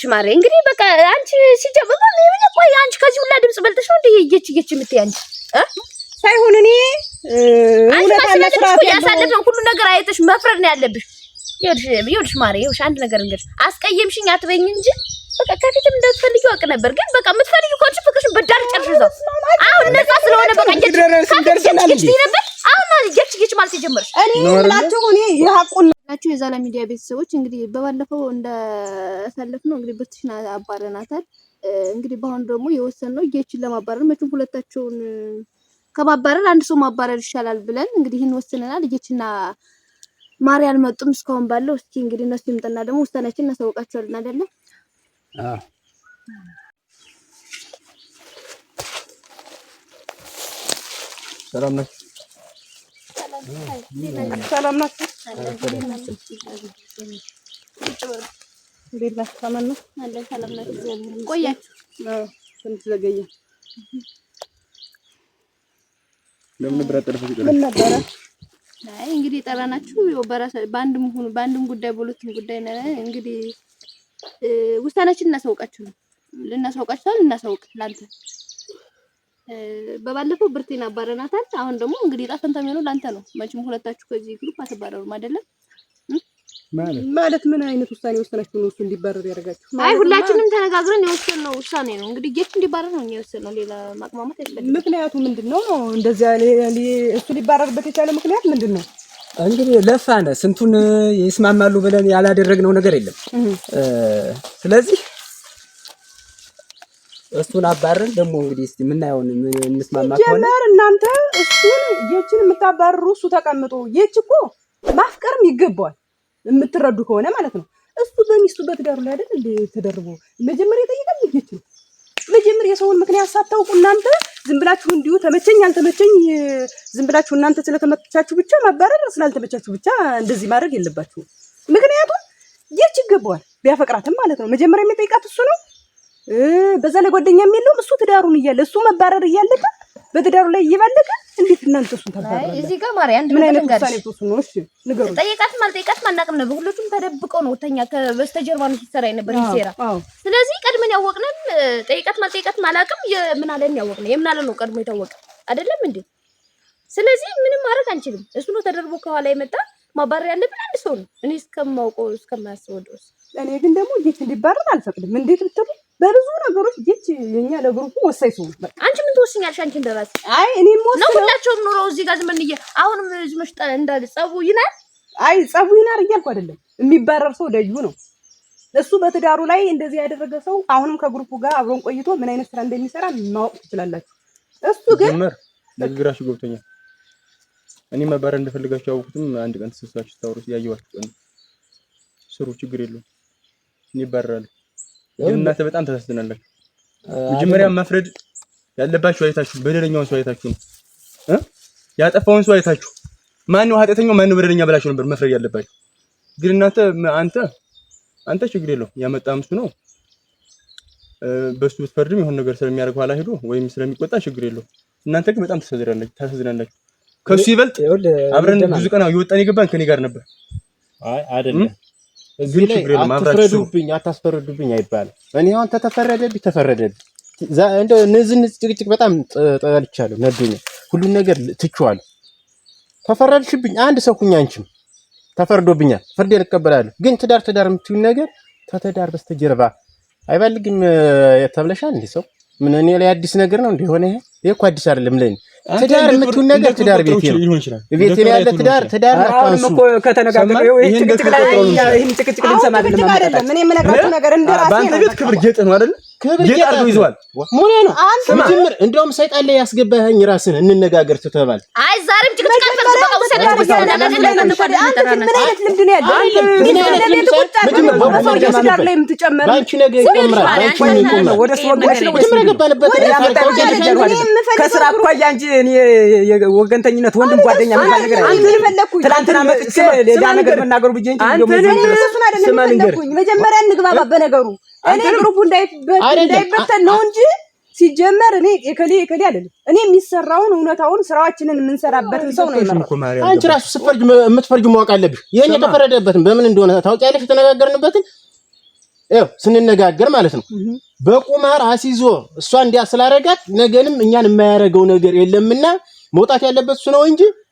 እች ማሬ እንግዲህ በቃ አንቺ ሲጀምር ቆይ አንቺ ከዚህ ሁላ ድምጽ በልጥሽ ነው እንደ እየች እየች የምትይ አንቺ ሳይሆን እኔ ያሳለፈን ሁሉ ነገር አይተሽ መፍረድ ነው ያለብሽ። ይኸውልሽ ማሬ ይኸውልሽ አንድ ነገር እንግዲህ አስቀየምሽኝ አትበኝ እንጂ በቃ ከፊትም እንደትፈልጊ አውቅ ነበር፣ ግን በቃ የምትፈልጊ ኮንች ፍቅርሽን በዳር ጨርሽ እዛው አሁን ነፃ ስለሆነ በቃ እየች እየች ነበር። አሁን እየች እየች ማለት የጀመርሽ እኔ ምላቸው እኔ የሀቁን ናቸው የዛላ ሚዲያ ቤተሰቦች እንግዲህ በባለፈው እንዳሳለፍ ነው እንግዲህ ብርትሽን አባረናታል። እንግዲህ በአሁኑ ደግሞ የወሰን ነው እየችን ለማባረር መቼም ሁለታቸውን ከማባረር አንድ ሰው ማባረር ይሻላል ብለን እንግዲህ ይህን ወስነናል። እየችና ማሪ አልመጡም እስካሁን ባለው። እስኪ እንግዲህ እነሱ ይምጥና ደግሞ ውሳኔያችን እናሳውቃቸዋለን። አይደለም ሰላም ነች ሰላም ናችሁ? እንዴት ናችሁ? ሰላም ነው? ቆያችሁ? ትንሽ ዘገየ። ለምን ነበረ? አይ እንግዲህ ጠራናችሁ በአንድም ሁኑ በአንድም ጉዳይ በሁለቱም ጉዳይ እንግዲህ ውሳኔያችን እናሳውቃችሁ ነው ልናሳውቃችሁ ልናሳውቅ ለአንተ በባለፈው ብርቴን አባረናታል። አሁን ደግሞ እንግዲህ ጣፈንታ የሚሆነው ላንተ ነው። መቼም ሁለታችሁ ከዚህ ግሩፕ አትባረሩም አይደለም? ማለት ምን አይነት ውሳኔ ወሰናችሁ ነው እሱ እንዲባረር ያደርጋችሁ? አይ ሁላችንም ተነጋግረን የወሰንነው ውሳኔ ነው። እንግዲህ ጌት እንዲባረር ነው እኛ የወሰንነው። ሌላ ማቅማማት አይደለም። ምክንያቱ ምንድነው? እንደዚያ እሱ ሊባረርበት የቻለ ምክንያት ምንድነው? እንግዲህ ለፋነ ስንቱን ይስማማሉ ብለን ያላደረግነው ነገር የለም። ስለዚህ እሱን አባረን ደግሞ እንግዲህ እስቲ የምናየውን እንስማማ። ጀመር እናንተ እሱን ይችን የምታባርሩ እሱ ተቀምጦ የች እኮ ማፍቀርም ይገባዋል የምትረዱ ከሆነ ማለት ነው። እሱ በሚስቱ በትዳሩ ላይ አይደል እንደ ተደርቦ መጀመሪያ የጠየቀም ይች ነው። መጀመሪያ የሰውን ምክንያት ሳታውቁ እናንተ ዝም ብላችሁ እንዲሁ ተመቸኝ አልተመቸኝ ዝም ብላችሁ እናንተ ስለተመቻችሁ ብቻ ማባረር ስላልተመቻችሁ ብቻ እንደዚህ ማድረግ የለባችሁ። ምክንያቱም ይች ይገባዋል ቢያፈቅራትም ማለት ነው። መጀመሪያ የሚጠይቃት እሱ ነው። በዛ ላይ ጓደኛም የለውም እሱ ትዳሩን እያለ እሱ መባረር እያለቀ በትዳሩ ላይ እየባለቀ እንዴት እናንተ እሱን ተባረረ? እዚህ ጋር ማሪ አንድ ምን አይነት ውሳኔ ነው? እሺ ንገሩኝ። ጠየቃትም አልጠየቃትም አናውቅም ነበር። ሁለቱም ተደብቀው ነው ተኛ ከበስተጀርባ ነው ሲሰራ የነበር ይሰራ። ስለዚህ ቀድመን ያወቅነን ጠየቃትም አልጠየቃትም አላውቅም። የምን አለን ያወቅነ የምን አለን ነው ቀድሞ የታወቀ አይደለም እንዴ? ስለዚህ ምንም ማድረግ አንችልም። እሱ ነው ተደርቦ ከኋላ የመጣ ማባረር ያለብን አንድ ሰው ነው። እኔ እስከማውቀው እስከማያስበው ድረስ እኔ ግን ደግሞ እንዴት እንዲባረር አልፈቅድም። እንዴት ብትሉ በብዙ ነገሮች ይች የኛ ለግሩፑ ወሳኝ ሰው በቃ አንቺ ምን ትወስኛለሽ? አንቺ እንደራስ አይ እኔ ሞስ ነው ሁላቸውም ኑሮ እዚህ ጋር ዝም ብዬ አሁንም እዚህ መሽጣ እንዳለ ጸቡ ይናል። አይ ጸቡ ይናል እያልኩ አይደለም። የሚባረር ሰው ደጁ ነው። እሱ በትዳሩ ላይ እንደዚህ ያደረገ ሰው አሁንም ከግሩፑ ጋር አብሮን ቆይቶ ምን አይነት ስራ እንደሚሰራ ማወቅ ትችላላችሁ። እሱ ግን ለግራሽ ገብቶኛል። እኔ መባረር እንደፈልጋችሁ አውቁትም። አንድ ቀን ተሰብስባችሁ ታወሩ ያየኋችሁ ቀን ስሩ ችግር የለውም እኔ እባረራለሁ እናንተ በጣም ተሳስተናላችሁ። መጀመሪያ መፍረድ ያለባችሁ አይታችሁ፣ በደለኛውን ሰው አይታችሁ ነው እ ያጠፋውን ሰው አይታችሁ ማነው ኃጢአተኛው ማነው በደለኛ ብላችሁ ነበር መፍረድ ያለባችሁ። ግን እናንተ አንተ አንተ ችግር የለው ያመጣም እሱ ነው። በሱ ብትፈርድም የሆነ ነገር ስለሚያደርግ ኋላ ሄዶ ወይም ስለሚቆጣ ችግር የለው እናንተ ግን በጣም ተሳዝናላችሁ። ከሱ ይበልጥ አብረን ብዙ ቀን እየወጣን የገባን ከኔ ጋር ነበር። አይ አይደለም እዚህ ላይ አትፍረዱብኝ፣ አታስፈርዱብኝ አይባልም። እኔ አሁን ተተፈረደብኝ ተፈረደብኝ። እንደው እነዚህ ጭቅጭቅ በጣም ጠልቻለሁ፣ ነዶኛል። ሁሉን ነገር ትቼዋለሁ። ተፈረድሽብኝ፣ አንድ ሰው ሁኝ። አንቺም ተፈርዶብኛል፣ ፍርዴን እቀበላለሁ። ግን ትዳር ትዳር የምትዩን ነገር ተተዳር በስተጀርባ አይባልግም ተብለሻል እንዲህ ሰው ምን እኔ ላይ አዲስ ነገር ነው እንደሆነ ይሄ ይሄ እኮ አዲስ አይደለም። ለኔ ትዳር የምትሆን ነገር ትዳር ቤት ነው ቤት ላይ ያለ ትዳር ትዳር ነው። እኮ ከተነጋገረው ይሄ ጭቅጭቅ ላይ ይሄን ጭቅጭቅ ልንሰማ አይደለም። ምን የምነግራችሁ ነገር ነው በአንተ ቤት ክብር ጌጥ ነው አይደል? ክብር ጌጥ አድርገው ይዘዋል። ሙሌ ነው ምጅምር እንደውም ሰይጣን ላይ ያስገባኸኝ ራስን እንነጋገር ትተባል። አይ ዛሬም ጭቅጭቅ አልፈልግም። ወሰደኝ ወሰደኝ። ምን አይነት ልምድ ነው ያለው? ምን አይነት ልምድ በሰውየው ስዳር ወገንተኝነት፣ ወንድም ጓደኛ ምናምን መጥቼ ነገር መናገሩ ብዬሽ እንጂ መጀመሪያ እንግባባ በነገሩ እኔ ግሩፑ እንዳይበተን ነው እንጂ ሲጀመር እኔ የከሌ የከሌ አይደለም። እኔ የሚሰራውን እውነታውን ስራዎችንን የምንሰራበትን ሰው ነው። አንቺ ራሱ ስፈርጅ የምትፈርጅ ማወቅ አለብሽ። ይሄን የተፈረደበትን በምን እንደሆነ ታውቂያለሽ። የተነጋገርንበትን ያው ስንነጋገር ማለት ነው። በቁማር አሲዞ እሷ እንዲያ ስላደረጋት ነገንም እኛን የማያደርገው ነገር የለምና መውጣት ያለበት እሱ ነው እንጂ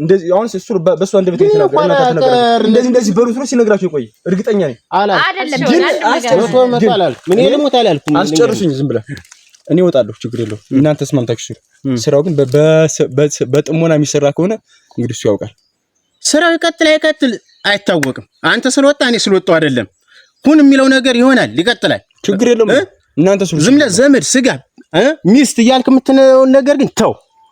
እንደዚህ አሁን እሱ በእሱ አንድ ቤት የተናገረ እንደዚህ እንደዚህ በሩ ስሩ ሲነግራችሁ ቆይ እርግጠኛ ነኝ። ምን ይልም አላልኩም አስጨርሱኝ፣ ዝም ብለህ እኔ እወጣለሁ፣ ችግር የለው እናንተ ተስማምታችሁ ስራው ግን በጥሞና የሚሰራ ከሆነ እንግዲህ እሱ ያውቃል። ስራው ይቀጥል አይቀጥል አይታወቅም። አንተ ስለወጣ እኔ ስለወጣው አይደለም ሁን የሚለው ነገር ይሆናል፣ ይቀጥላል፣ ችግር የለውም። እናንተ ዝም ብለህ ዘመድ ስጋ ሚስት እያልክ የምትነውን ነገር ግን ተው።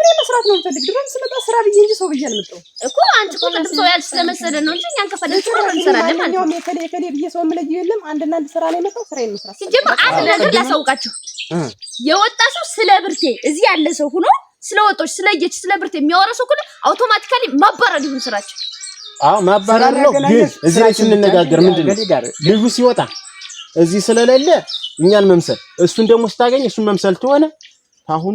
እኔ መስራት ነው የምፈልግ። ድሮም ስመጣ ስራ ብዬ እንጂ ሰው ብዬ አልመጣሁም እኮ። አንቺ እኮ ምንም ሰው ያልሽ ስለመሰለ ነው እንጂ እኛን ከፈለግሽ ስራ እንሰራለን ማለት ነው። የከሌ የከሌ ብዬ ሰው የምለየው የለም። እና አንድ ስራ ነው የመጣው። ስራ መስራት ሲጀምር አንድ ነገር ላሳውቃችሁ፣ የወጣ ሰው ስለ ብርቴ እዚህ ያለ ሰው ሆኖ ስለወጦች ስለየች ስለ ብርቴ የሚያወራ ሰው ሁሉ አውቶማቲካሊ ማባረር ይሁን ስራቸው። አዎ ማባረር ነው። ግን እዚህ ላይ ስንነጋገር ምንድን ነው ልጁ ሲወጣ እዚህ ስለሌለ እኛን መምሰል እሱን ደግሞ ስታገኝ እሱን መምሰል ትሆነ ታሁኑ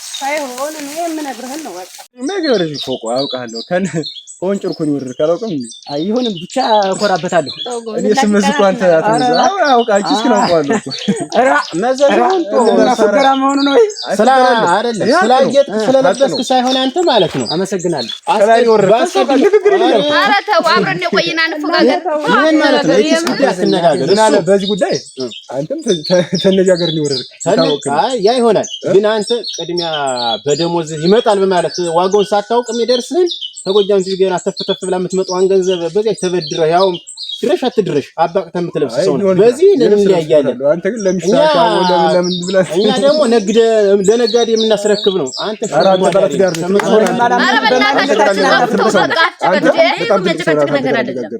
ሳይሆን እኔ የምነግርህን ነው። በቃ ነገርሽ እኮ ቆይ አውቃለሁ። ከን ውድር ካላውቅም አይሆንም ብቻ እኮራበታለሁ። እኔ ስምዝ አንተ አውቃችሁ እስኪ ናውቀዋለሁ መዘዘውን ፉገራ መሆኑ ነው። ስላጌጥ ስለለበስክ ሳይሆን አንተ ማለት ነው። አመሰግናለሁ። ኧረ ተው አብረን የቆይና እንፎጋገር። ማለት ነው። የኪስ ጉዳይ አትነጋገር። ምናለ በዚህ ጉዳይ አንተም ተነጋገር። ሊወረድ ያ ይሆናል ግን አንተ ቅድሚያ በደሞዝ ይመጣል በማለት ዋጋውን ሳታውቅ የሚደርስህን ከጎጃም ሲቪ ገና ተፍ ብላ የምትመጣዋን ገንዘብ በዚያ ተበድረ ያውም ድረሽ አትድረሽ አባቅተህ የምትለብስ ሰው ነው። በዚህ እንለያያለን። እኛ ደግሞ ነግደ ለነጋዴ የምናስረክብ ነው። አንተ ነገር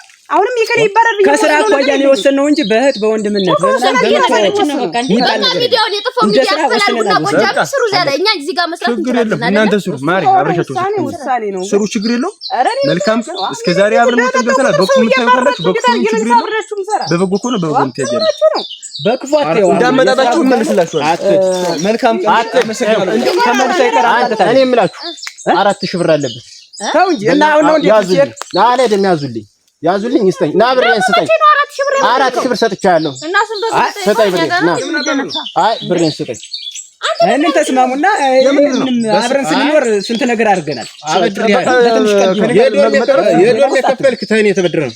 አሁንም የከሌ ይባረር ከስራ አኳያ ነው እንጂ በእህት በወንድምነት ስሩ ችግር የለው። መልካም እስከ ዛሬ አብረን በበጎ ከሆነ በበጎ እንዳመጣጣችሁ መልካም እኔ የምላችሁ አራት ሺህ ብር አለበት ተው እንጂ እና አሁን ነው እንዴ ያዙልኝ ያዙልኝ ይስጠኝ ና ብሬን ስጠኝ። አራት ሺህ ብር ሰጥቻለሁ። ስጠኝ ብር። አይ ብሬን ስጠኝ። ይህንን ተስማሙና አብረን ስንኖር ስንት ነገር አድርገናል። የዶር የከፈልክ ተኔ የተበድረ ነው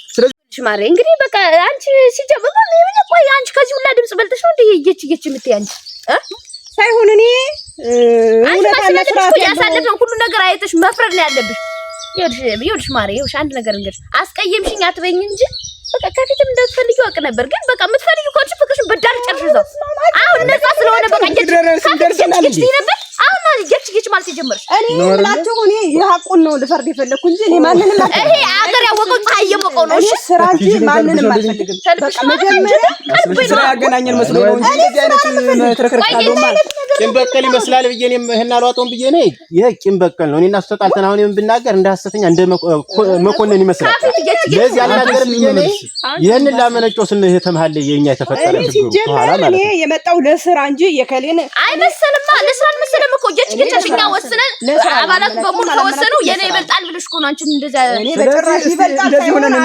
ማሪ እንግዲህ በቃ አንቺ ሲጀምር ቆይ አንቺ ከዚህ ሁላ ድምጽ በልጥሽ ነው እንዴ እየች እየች የምትይ አንቺ ሳይሆን እኔ አንቺ ማስለጥሽ ያሳለፍን ሁሉ ነገር አይተሽ መፍረድ ነው ያለብሽ። ይኸውልሽ ማሬ፣ ይኸውልሽ አንድ ነገር እንግዲህ አስቀየምሽኝ አትበይኝ እንጂ በቃ ከፊትም እንደትፈልጊው አውቅ ነበር፣ ግን በቃ የምትፈልጊ ከሆንሽ ፍቅርሽን በዳር ጨርሽ እዛው አሁን ነፃ ስለሆነ በቃ ነበር አሁን ጀች ጀች ማለት የጀመርሽ እኔ ምላችሁ እኔ የሀቁን ነው ልፈርድ የፈለኩ እንጂ እኔ ማንንም ይሄ አገር ያወቀው ታየ ነው። እሺ ስራ እንጂ ማንንም አልፈልግም። ስራ ያገናኘን መስሎ ነው እንጂ እንደዚህ አይነት ትርክርክ ካለውማ ቂም በቀል ይመስላል ብዬ እኔም ይሄን አልዋጠውም ብዬ ነው። ይሄ ቂም በቀል ነው። እኔና እሱ ተጣልተን አሁን የምን ብናገር እንደ ሐሰተኛ እንደ መኮንን ይመስላል። ለዚህ አልናገርም ብዬ ነው። ይሄንን ላመነጨው ስን ይሄ ተመሃል የኛ የተፈጠረ ችግር ነው። እኔ የመጣው ለስራ እንጂ የከሌን አይመሰልማ። ለስራ አልመሰለም እኮ እኛ ወስነን አባላት በሙሉ ከወሰኑ የኔ ይበልጣል ብለሽ እኮ ነው አንቺም እንደዛ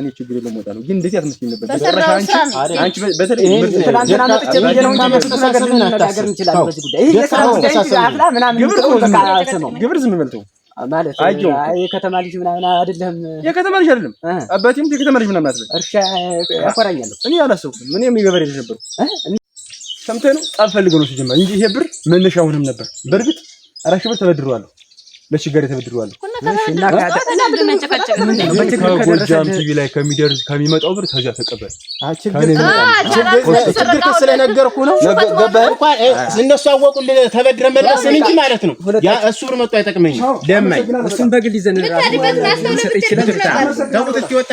እኔ ችግር የለም ነው። ግን እንደዚህ አትመስለኝም ነበር። አንቺ ነው ይሄ አፍላ ምናምን ግብር ዝም በል የከተማ ልጅ ምናምን አይደለም። የከተማ ልጅ አይደለም። አባቴም የከተማ ልጅ ምናምን አትበል። እርሻ ያኮራኛለሁ። እኔ አላሰብኩም። እኔ የሚገበሬ ልጅ ነበርኩ። ሰምተህ ነው ጠብ ፈልገህ ነው ሲጀመር እንጂ ይሄ ብር መነሻ አሁንም ነበር። በእርግጥ አራት ሺህ ብር ለችግር የተበድሩ ጎጃም ቲቪ ላይ ከሚደርስ ከሚመጣው ብር ከዚያ ተቀበል። ችግር ስለነገርኩ ነው። እነሱ አወቁልህ ተበድረ መለስን እንጂ ማለት ነው። እሱ ብር መጡ አይጠቅመኝ ደማይ እሱን በግል ይዘን